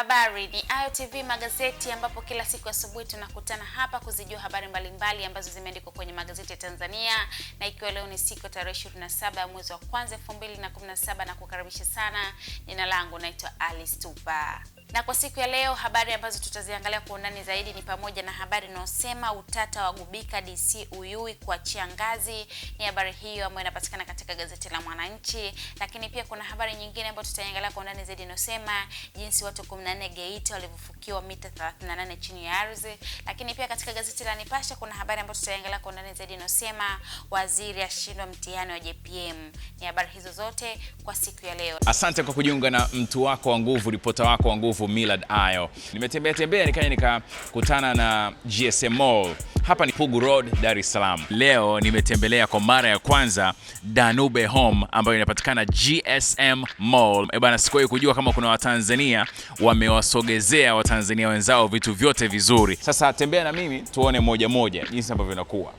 Habari ni Ayo magazeti, ambapo kila siku asubuhi tunakutana hapa kuzijua habari mbalimbali mbali ambazo zimeandikwa kwenye magazeti ya Tanzania, na ikiwa leo ni siku tarehe 27 ya mwezi wa kwanza 2017 na kukaribisha sana. Jina langu naitwa Alice Tupa na kwa siku ya leo habari ambazo tutaziangalia kwa undani zaidi ni pamoja na habari inayosema utata wa gubika DC Uyui kuachia ngazi. Ni habari hiyo ambayo inapatikana katika gazeti la Mwananchi, lakini pia kuna habari nyingine ambayo tutaiangalia kwa undani zaidi inayosema jinsi watu nane Geita walivyofukiwa mita 38 chini ya ardhi. Lakini pia katika gazeti la Nipashe kuna habari ambayo tutaangalia kwa undani zaidi inosema waziri ashindwa mtihani wa JPM. Ni habari hizo zote kwa siku ya leo. Asante kwa kujiunga na mtu wako wa nguvu, ripota wako wa nguvu Millard Ayo. Nimetembea tembea nikaja nikakutana na GSM Mall. Hapa ni Pugu Road, Dar es Salaam. Leo nimetembelea kwa mara ya kwanza Danube Home ambayo inapatikana GSM Mall. Eh bana, sikuwahi kujua kama kuna Watanzania wa amewasogezea Watanzania wenzao vitu vyote vizuri. Sasa tembea na mimi tuone moja moja jinsi ambavyo inakuwa.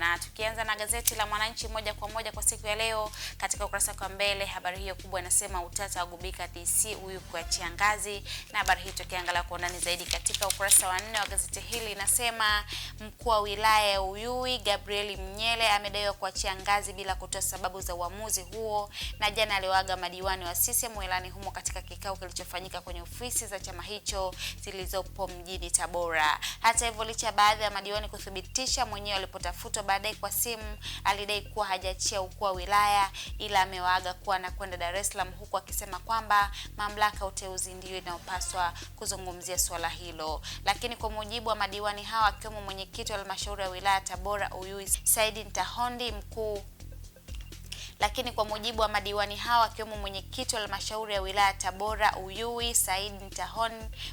na tukianza na gazeti la Mwananchi moja kwa moja kwa siku ya leo, katika ukurasa wa mbele habari hiyo kubwa inasema utata gubika DC huyu kuachia ngazi, na habari hii tukiangalia kwa undani zaidi katika ukurasa wa nne wa gazeti hili inasema mkuu wa wilaya ya Uyui Gabriel Mnyele amedaiwa kuachia ngazi bila kutoa sababu za uamuzi huo, na jana aliwaaga madiwani wa CCM wilani humo katika kikao kilichofanyika kwenye ofisi za chama hicho zilizopo mjini Tabora. Hata hivyo, licha baadhi ya madiwani kuthibitisha mwenyewe walipotafutwa Baadaye kwa simu alidai kuwa hajachia ukuu wa wilaya, ila amewaaga kuwa anakwenda Dar es Salaam, huku akisema kwamba mamlaka uteuzi ndiyo inayopaswa kuzungumzia swala hilo. Lakini kwa mujibu wa madiwani hawa, akiwemo mwenyekiti wa halmashauri ya wilaya Tabora Uyui Saidi Ntahondi, mkuu lakini kwa mujibu wa madiwani hao akiwemo mwenyekiti wa halmashauri ya wilaya Tabora Uyui Said Ntahon,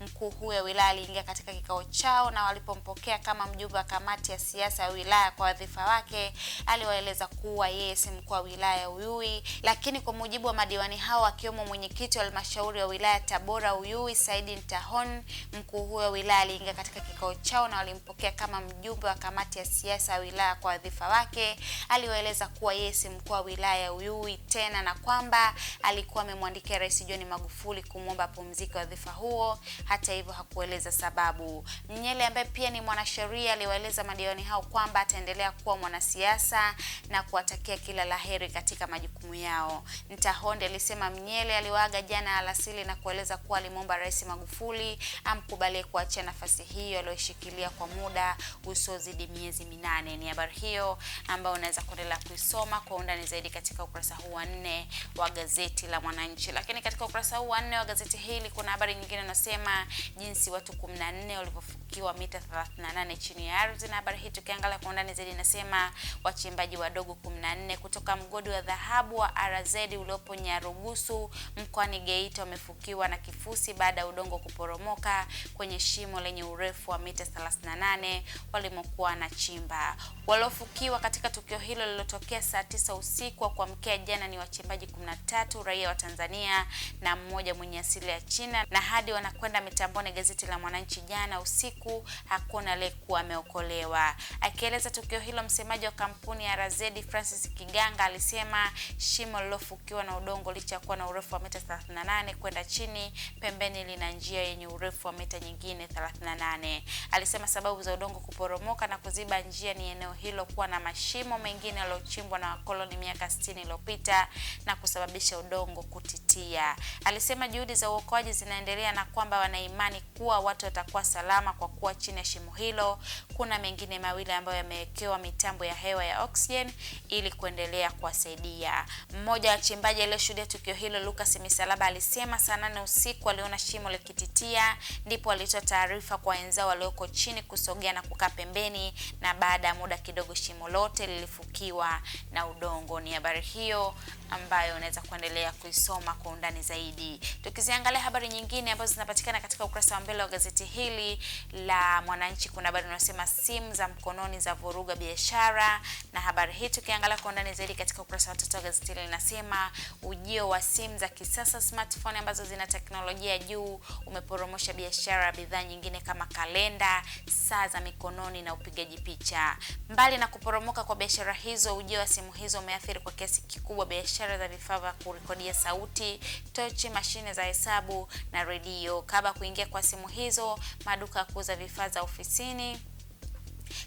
mkuu huyo wa wilaya aliingia katika kikao chao na walipompokea kama mjumbe wa kamati ya siasa ya wilaya kwa wadhifa wake, aliwaeleza kuwa yeye si mkuu wa wilaya ya Uyui. Lakini kwa mujibu wa madiwani hao akiwemo mwenyekiti wa halmashauri ya wilaya Tabora Uyui Said Ntahon, mkuu huyo wa wilaya aliingia katika kikao chao na walimpokea kama mjumbe wa kamati ya siasa ya wilaya kwa wadhifa wake, aliwaeleza kuwa yeye si mkuu wa wilaya ya Uyui tena, na kwamba alikuwa amemwandikia Rais John Magufuli kumwomba wa wadhifa huo. Hata hivyo hakueleza sababu. Mnyele ambaye pia ni mwanasheria aliwaeleza madiwani hao kwamba ataendelea kuwa mwanasiasa na kuwatakia kila laheri katika majukumu yao. Ntahonde alisema Mnyele aliwaaga jana alasili na kueleza kuwa alimwomba Rais Magufuli amkubalie kuachia nafasi hiyo aliyoshikilia kwa muda usiozidi miezi minane. Ni habari hiyo ambayo unaweza kuendelea kuisoma kwa undani zaidi katika ukurasa huu wa nne wa gazeti la Mwananchi. Lakini katika ukurasa huu wa nne wa gazeti hili kuna habari nyingine inasema jinsi watu 14 walivyofukiwa mita 38 chini ya ardhi, na habari hii tukiangalia kwa undani zaidi inasema wachimbaji wadogo 14 kutoka mgodi wa dhahabu wa RZ uliopo Nyarugusu mkoani Geita wamefukiwa na kifusi baada ya udongo kuporomoka kwenye shimo lenye urefu wa mita 38 walimokuwa na chimba. Waliofukiwa katika tukio hilo lililotokea saa 9 usiku Usiku wa kuamkia jana ni wachimbaji 13 raia wa Tanzania na mmoja mwenye asili ya China, na hadi wanakwenda mitamboni, gazeti la Mwananchi jana usiku, hakuna aliyekuwa ameokolewa. Akieleza tukio hilo, msemaji wa kampuni ya RZ Francis Kiganga alisema shimo lilofukiwa na udongo licha ya kuwa na urefu wa mita 38 kwenda chini, pembeni lina njia yenye urefu wa mita nyingine 38. Alisema sababu za udongo kuporomoka na kuziba njia ni eneo hilo kuwa na mashimo mengine yaliyochimbwa na wakoloni miaka 60 iliyopita na kusababisha udongo kutitia. Alisema juhudi za uokoaji zinaendelea na kwamba wanaimani kuwa watu watakuwa salama kwa kuwa chini ya shimo hilo kuna mengine mawili ambayo yamewekewa mitambo ya hewa ya oxygen ili kuendelea kuwasaidia. Mmoja wa wachimbaji aliyeshuhudia tukio hilo, Lucas Misalaba, alisema saa nane usiku aliona shimo likititia, ndipo alitoa taarifa kwa wenzao walioko chini kusogea na kukaa pembeni, na baada ya muda kidogo shimo lote lilifukiwa na udongo. about a heal. ambayo unaweza kuendelea kuisoma kwa undani zaidi. Tukiziangalia habari nyingine ambazo zinapatikana katika ukurasa wa mbele wa gazeti hili la Mwananchi, kuna habari inayosema simu za mkononi za vuruga biashara, na habari hii tukiangalia kwa undani zaidi katika ukurasa wa tatu wa gazeti hili linasema ujio wa simu za kisasa smartphone ambazo zina teknolojia juu umeporomosha biashara bidhaa nyingine kama kalenda, saa za mikononi na upigaji picha. Mbali na kuporomoka kwa biashara hizo, ujio wa simu hizo umeathiri kwa kiasi kikubwa biashara biashara za vifaa vya kurekodia sauti, tochi, mashine za hesabu na redio. Kabla kuingia kwa simu hizo, maduka ya kuuza vifaa za ofisini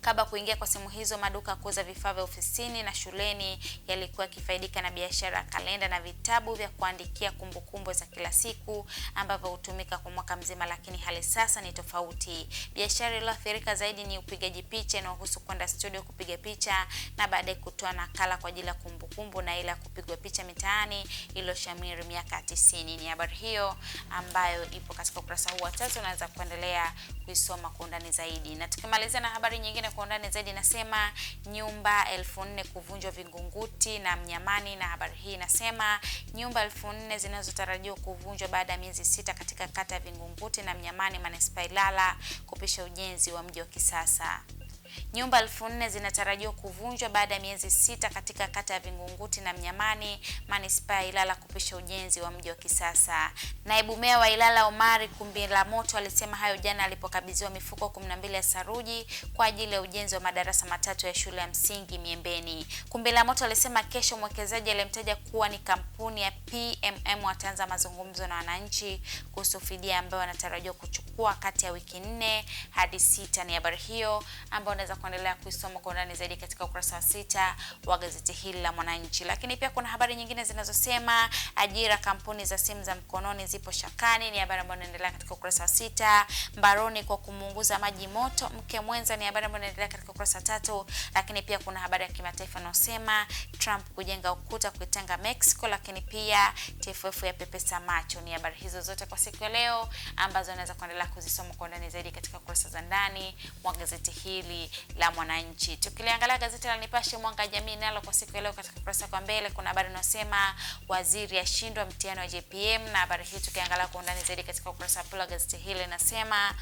Kabla kuingia kwa simu hizo, maduka ya kuuza vifaa vya ofisini na shuleni yalikuwa yakifaidika na biashara ya kalenda na vitabu vya kuandikia kumbukumbu za kila siku ambavyo hutumika kwa mwaka mzima, lakini hali sasa ni tofauti. Biashara iliyoathirika zaidi ni upigaji picha inayohusu kwenda studio kupiga picha na baadaye kutoa nakala kwa ajili ya kumbukumbu na ile ya kupigwa picha mitaani iliyoshamiri miaka tisini. Ni habari hiyo ambayo ipo katika ukurasa huu wa tatu, unaweza kuendelea kuisoma kwa undani zaidi, na tukimalizia na habari nyingine kwa undani zaidi inasema nyumba elfu nne kuvunjwa Vingunguti na Mnyamani, na habari hii inasema nyumba elfu nne zinazotarajiwa kuvunjwa baada ya miezi sita katika kata ya Vingunguti na Mnyamani, manispaa Ilala kupisha ujenzi wa mji wa kisasa. Nyumba elfu nne zinatarajiwa kuvunjwa baada ya miezi sita katika kata ya Vingunguti na Mnyamani, manispaa ya Ilala kupisha ujenzi wa mji wa kisasa. Naibu meya wa Ilala Omari Kumbila Moto alisema hayo jana alipokabidhiwa mifuko 12 ya saruji kwa ajili ya ujenzi wa madarasa matatu ya shule ya msingi Miembeni. Kumbila Moto alisema kesho mwekezaji aliyemtaja kuwa ni kampuni ya PMM wataanza mazungumzo na wananchi kuhusu fidia ambayo wanatarajiwa kuchukua kati ya wiki nne hadi sita. Ni habari hiyo ambayo unaweza kuendelea kuisoma kwa undani zaidi katika ukurasa wa sita wa gazeti hili la Mwananchi. Lakini pia kuna habari nyingine zinazosema ajira kampuni za simu za mkononi zipo shakani, ni habari ambayo inaendelea katika ukurasa wa sita. Mbaroni kwa kumunguza maji moto mke mwenza, ni habari ambayo inaendelea katika ukurasa wa tatu. Lakini pia kuna habari ya kimataifa inayosema Trump kujenga ukuta kuitenga Mexico, lakini pia TFF ya pepesa macho. Ni habari hizo zote kwa siku ya leo ambazo unaweza kuendelea kuzisoma kwa undani zaidi katika kurasa za ndani mwa gazeti hili la Mwananchi. Tukiliangalia gazeti la Nipashe Mwanga Jamii nalo kwa siku ya leo katika kurasa kwa mbele kuna habari inayosema waziri ashindwa mtihani wa JPM, na habari hii tukiangalia kwa undani zaidi katika ukurasa wa pili wa gazeti hili inasema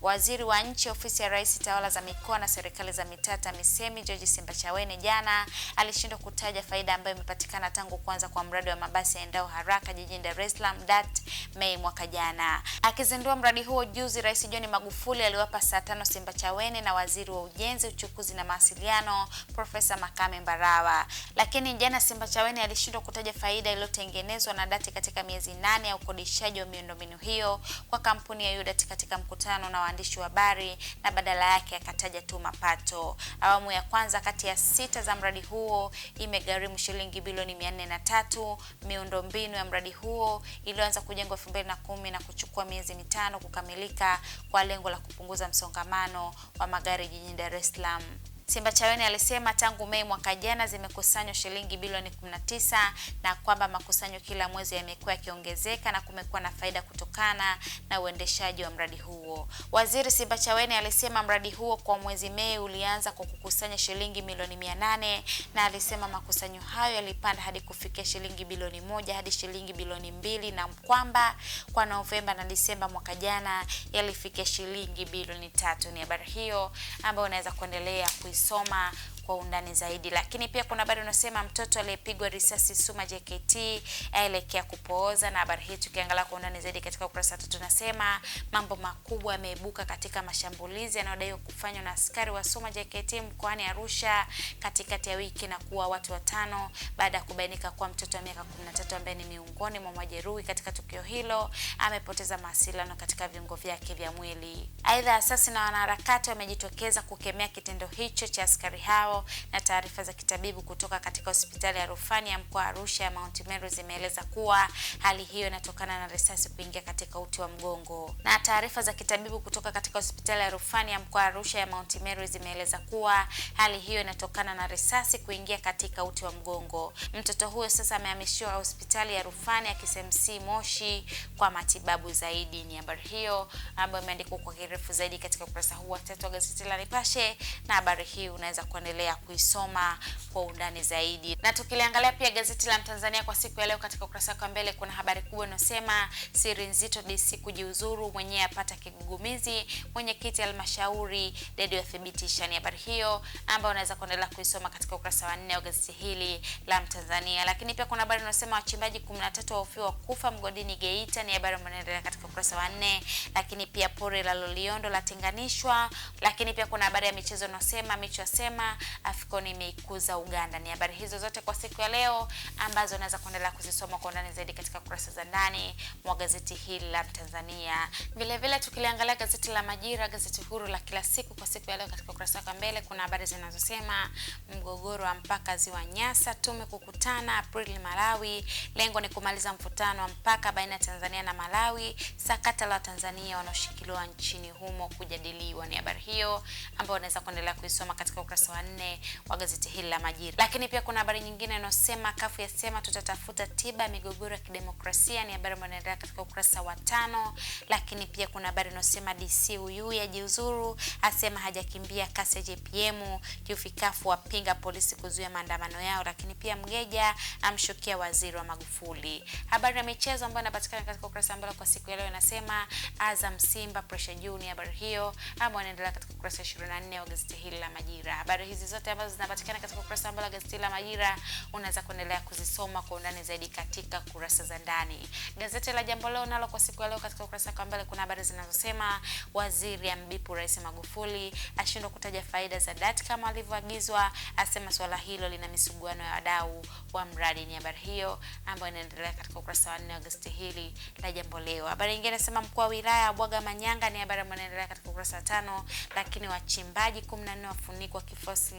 waziri wa nchi ofisi ya rais tawala za mikoa na serikali za mitaa TAMISEMI George Simbachawene jana alishindwa kutaja faida ambayo imepatikana tangu kuanza kwa mradi wa mabasi yaendao haraka jijini Dar es Salaam DART Mei mwaka jana. Akizindua mradi huo juzi, Rais John Magufuli aliwapa saa tano Simbachawene na waziri wa ujenzi ujenzi, uchukuzi na mawasiliano Profesa Makame Mbarawa. Lakini jana Chaweni alishindwa kutaja faida iliyotengenezwa na Dati katika miezi nane ya ukodishaji wa miundombinu hiyo kwa kampuni ya Yudat katika mkutano na waandishi wa habari, na badala yake akataja tu mapato. Awamu ya kwanza kati ya sita za mradi huo imegharimu shilingi bilioni mia tatu. Miundombinu ya mradi huo ilianza kujengwa elfu na kumi na kuchukua miezi mitano kukamilika kwa lengo la kupunguza msongamano wa magari jijini Dar Islam Simba Chaweni alisema tangu Mei mwaka jana zimekusanywa shilingi bilioni 19 na kwamba makusanyo kila mwezi yamekuwa yakiongezeka na kumekuwa na faida kutokana na uendeshaji wa mradi huo. Waziri Simba Chaweni alisema mradi huo kwa mwezi Mei ulianza kwa kukusanya shilingi milioni 800 na alisema makusanyo hayo yalipanda hadi kufikia shilingi bilioni moja hadi shilingi bilioni mbili na kwamba kwa Novemba na Disemba mwaka jana yalifikia shilingi bilioni tatu. Ni habari hiyo ambayo unaweza kuendelea ku soma kwa undani zaidi. Lakini pia kuna habari unasema mtoto aliyepigwa risasi Suma JKT aelekea kupooza, na habari hii tukiangalia kwa undani zaidi katika ukurasa tatu, tunasema mambo makubwa yameibuka katika mashambulizi yanayodaiwa kufanywa na askari wa Suma JKT mkoani Arusha katikati ya wiki na kuwa watu watano baada ya kubainika kuwa mtoto wa miaka 13 ambaye ni miongoni mwa majeruhi katika tukio hilo amepoteza mawasiliano katika viungo vyake vya mwili. Aidha, asasi na wanaharakati wamejitokeza kukemea kitendo hicho cha askari hao na taarifa za kitabibu kutoka katika hospitali ya rufani ya mkoa Arusha ya Mount Meru zimeeleza kuwa hali hiyo inatokana na risasi kuingia katika uti wa mgongo. Na taarifa za kitabibu kutoka katika hospitali ya rufani ya mkoa Arusha ya Mount Meru zimeeleza kuwa hali hiyo inatokana na risasi kuingia katika uti wa mgongo. Mtoto huyo sasa amehamishiwa hospitali ya rufani ya KCMC Moshi kwa matibabu zaidi. Ni habari hiyo ambayo imeandikwa kwa kirefu zaidi katika ukurasa huu wa tatu wa gazeti la Nipashe, na habari hii unaweza kuendelea tutaendelea kuisoma kwa undani zaidi. Na tukiliangalia pia gazeti la Mtanzania kwa siku ya leo, katika ukurasa wa mbele kuna habari kubwa inayosema siri nzito DC kujiuzuru, mwenyewe apata kigugumizi, mwenyekiti halmashauri dedi wathibitisha. Ni habari hiyo ambayo unaweza kuendelea kuisoma katika ukurasa wa nne wa gazeti hili la Mtanzania. Lakini pia kuna habari inayosema wachimbaji 13 wahofiwa kufa mgodini Geita, ni habari ambayo inaendelea katika ukurasa wa nne. Lakini pia pori la Loliondo latenganishwa. Lakini pia kuna habari ya michezo inayosema Micho asema AFCON imeikuza Uganda. Ni habari hizo zote kwa siku ya leo ambazo unaweza kuendelea kuzisoma kwa undani zaidi katika kurasa za ndani mwa gazeti hili la Tanzania. Vile vile tukiliangalia gazeti la Majira, gazeti huru la kila siku, kwa siku ya leo katika ukurasa wake mbele kuna habari zinazosema mgogoro wa mpaka ziwa Nyasa, tume kukutana Aprili Malawi, lengo ni kumaliza mvutano wa mpaka baina ya Tanzania na Malawi, sakata la Tanzania wanaoshikiliwa nchini humo kujadiliwa. Ni habari hiyo ambayo unaweza kuendelea kuisoma katika ukurasa wa nne wa gazeti hili la Majira. Lakini pia kuna habari nyingine inayosema kafu yasema tutatafuta tiba migogoro ya kidemokrasia, ni habari ambayo inaendelea katika ukurasa wa tano. Lakini pia kuna habari inayosema DC huyu yajiuzuru, asema hajakimbia kasi ya JPM, kiufikafu wapinga polisi kuzuia maandamano yao. Lakini pia Mgeja amshukia waziri wa Magufuli. Habari ya michezo ambayo inapatikana katika ukurasa ambao kwa siku ya leo inasema Azam Simba pressure juu, ni habari hiyo ambayo inaendelea katika ukurasa 24 wa gazeti hili la Majira. Habari hizi zote ambazo zinapatikana katika ukurasa wa mbele wa gazeti la Majira unaweza kuendelea kuzisoma kwa undani zaidi katika kurasa za ndani. Gazeti la Jambo Leo nalo kwa siku ya leo katika ukurasa wa mbele kuna habari zinazosema waziri ambipu Rais Magufuli, ashindwa kutaja faida za DAT kama alivyoagizwa, asema swala hilo lina misuguano ya wadau wa mradi. Ni habari hiyo ambayo inaendelea katika ukurasa wa nne wa gazeti hili la Jambo Leo. Habari nyingine nasema mkuu wa wilaya abwaga manyanga, ni habari ambayo inaendelea katika ukurasa wa tano. Lakini wachimbaji 14 wafunikwa kifosi,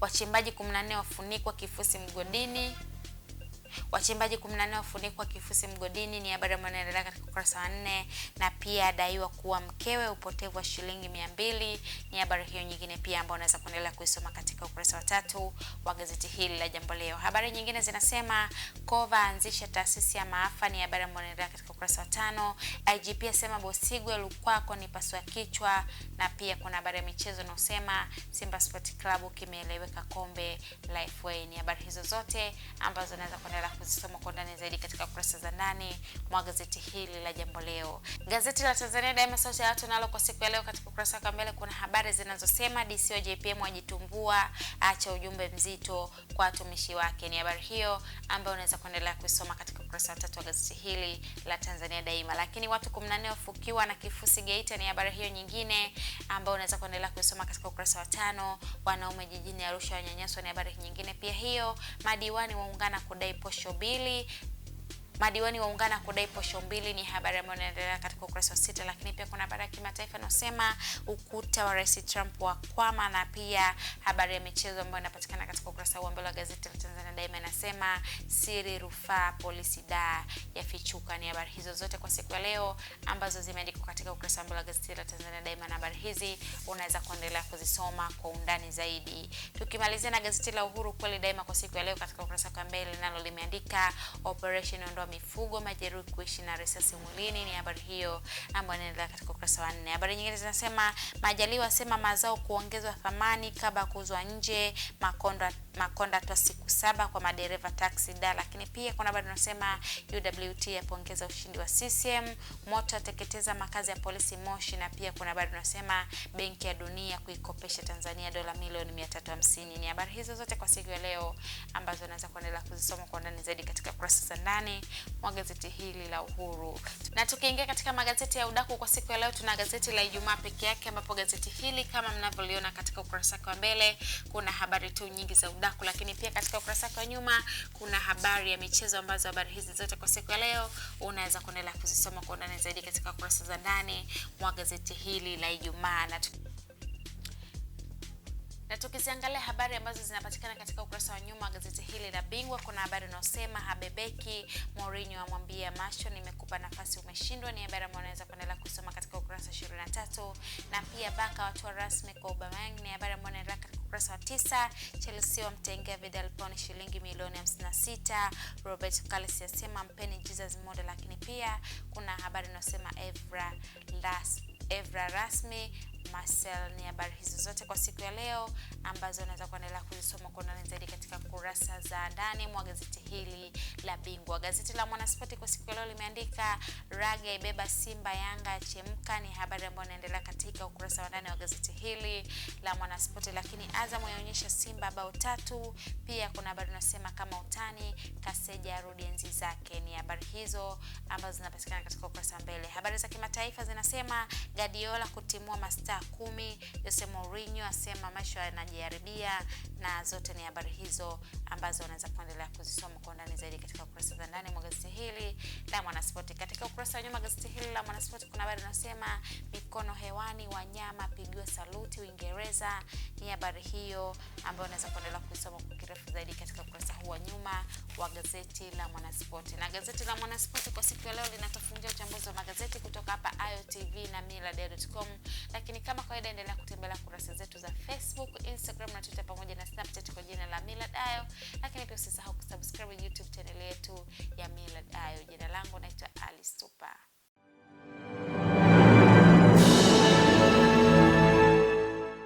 wachimbaji 14 wafunikwa kifosi mgodini Wachimbaji 14 wafunikwa kifusi mgodini, ni habari ambayo inaendelea katika ukurasa wa nne. Na pia adaiwa kuwa mkewe upotevu wa shilingi 200 ni habari hiyo nyingine pia ambayo unaweza kuendelea kuisoma katika ukurasa wa tatu wa gazeti hili la Jambo Leo. Habari nyingine zinasema Kova anzisha taasisi ya maafa, ni habari ambayo inaendelea katika ukurasa wa tano. IGP asema Bosigwe Lukwako ni pasua kichwa, na pia kuna habari ya michezo inayosema Simba Sport Club kimeeleweka kombe Lifeway. Ni habari hizo zote ambazo unaweza kuendelea kuendelea kuzisoma kwa ndani zaidi katika kurasa za nane mwa gazeti hili la Jambo Leo. Gazeti la Tanzania Daima, sauti ya watu, nalo kwa siku ya leo katika ukurasa wa mbele kuna habari zinazosema DC wa JPM wajitumbua, acha ujumbe mzito kwa watumishi wake. Ni habari hiyo ambayo unaweza kuendelea kuisoma katika ukurasa wa tatu wa gazeti hili la Tanzania Daima. Lakini watu 14 wafukiwa na kifusi Geita, ni habari hiyo nyingine ambayo unaweza kuendelea kuisoma katika ukurasa wa tano. Wanaume jijini Arusha wanyanyaswa, ni habari nyingine pia hiyo. Madiwani waungana kudai posho Shobili Madiwani waungana kudai posho mbili, ni habari ambayo inaendelea katika ukurasa wa sita. Lakini pia kuna habari ya kimataifa inayosema ukuta wa Rais Trump wa kwama, na pia habari ya michezo ambayo inapatikana katika ukurasa wa mbele wa gazeti la Tanzania Daima inasema siri rufaa polisi da yafichuka. Ni habari hizo zote kwa siku ya leo ambazo zimeandikwa katika ukurasa wa mbele wa gazeti la Tanzania Daima, na habari hizi unaweza kuendelea kuzisoma kwa undani zaidi. Tukimalizia na gazeti la Uhuru kweli daima kwa siku ya leo katika ukurasa wa mbele nalo limeandika operation ondoa mifugo, majeruhi kuishi na risasi mwilini. Ni habari hiyo ambayo inaendelea katika ukurasa wa nne. Habari nyingine zinasema Majaliwa asema mazao kuongezwa thamani kabla kuuzwa nje. Makonda Makonda toa siku saba kwa madereva taxi da. Lakini pia kuna habari inasema UWT yapongeza ushindi wa CCM, moto ateketeza makazi ya polisi Moshi, na pia kuna habari inasema Benki ya Dunia kuikopesha Tanzania dola milioni 350. Ni habari hizo zote kwa siku ya leo ambazo naweza kuendelea kuzisoma kwa ndani zaidi katika kurasa za ndani mwa gazeti hili la Uhuru. Na tukiingia katika magazeti ya udaku kwa siku ya leo, tuna gazeti la Ijumaa peke yake, ambapo gazeti hili kama mnavyoliona katika ukurasa wake wa mbele kuna habari tu nyingi za udaku, lakini pia katika ukurasa wake wa nyuma kuna habari ya michezo, ambazo habari hizi zote kwa siku ya leo unaweza kuendelea kuzisoma kwa undani zaidi katika kurasa za ndani mwa gazeti hili la Ijumaa na na tukiziangalia habari ambazo zinapatikana katika ukurasa wa nyuma wa gazeti hili la Bingwa, kuna habari unaosema habebeki, Mourinho amwambia macho, nimekupa nafasi umeshindwa. Ni habari ambayo unaweza kuendelea kusoma katika ukurasa 23, na pia Baka watoa rasmi kwa Aubameyang, ni habari ambayo inaendelea katika ukurasa wa tisa. Chelsea wamtengea Vidal Pon shilingi milioni 56. Robert Kalisi yasema mpeni Jesus model. lakini pia kuna habari unaosema Evra, Evra rasmi Marcel ni habari hizo zote kwa siku ya leo ambazo unaweza kuendelea kuzisoma kwa undani zaidi katika kurasa za ndani mwa gazeti hili la Bingwa. Gazeti la Mwanaspoti kwa siku ya leo limeandika Raga ibeba Simba, Yanga chemka, ni habari ambayo inaendelea katika ukurasa wa ndani wa gazeti hili la Mwanaspoti. Lakini Azam yaonyesha Simba bao tatu, pia kuna habari unasema kama utani, Kaseja arudi enzi zake. Ni habari hizo ambazo zinapatikana katika ukurasa mbele. Habari za kimataifa zinasema Guardiola kutimua mastaa saa kumi. Jose Mourinho asema maisha yanajiharibia, na zote ni habari hizo ambazo unaweza kuendelea kuzisoma kwa undani zaidi katika ukurasa za ndani mwa gazeti hili la Mwanaspoti. Katika ukurasa wa nyuma gazeti hili la Mwanaspoti kuna habari inasema mikono hewani, wanyama pigiwa saluti Uingereza. Ni habari hiyo ambayo unaweza kuendelea kuisoma kwa kirefu zaidi katika ukurasa huu wa nyuma wa gazeti la Mwanaspoti. Na gazeti la Mwanaspoti kwa siku ya leo linatafungia uchambuzi wa magazeti kutoka hapa AyoTV na millardayo.com, lakini lakini kama kawaida, endelea kutembelea kurasa zetu za Facebook, Instagram na Twitter pamoja na Snapchat kwa jina la Millard Ayo. Lakini pia usisahau kusubscribe YouTube channel yetu ya Millard Ayo. Jina langu naitwa Ali Super.